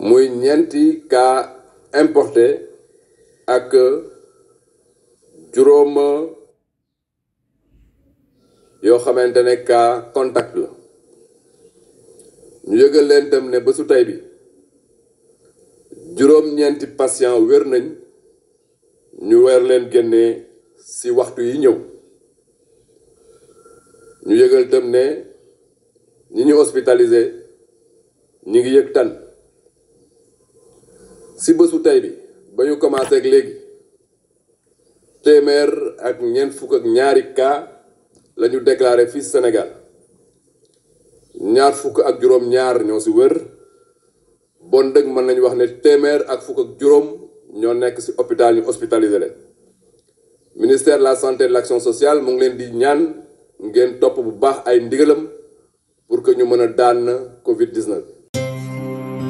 muy ñeenti kaa importe ak juróom yoo xamante ne cas contact la ñu yëgal leen tam ne ba su tey bi juróom ñeenti patient wér nañ ñu weer leen génnee ci waxtu yi ñëw ñu yëgal tam ne ñi ñu hospitalisé ñi ngi yëg tan si bésu tey bi ba ñu commencé ak léegi téeméer ak ñeent fukk ak ñaari cas la ñu déclaré fii Sénégal ñaar fukk ak juróom-ñaar ñoo si wër bon dëgg mën nañu wax ne téeméer ak fukk ak juróom ñoo nekk si hôpital ñu hospitalisé leen ministère de la santé et de l'action sociale mu ngi leen di ñaan ngeen topp bu baax ay ndigalam pour que ñu mën a daan Covid 19.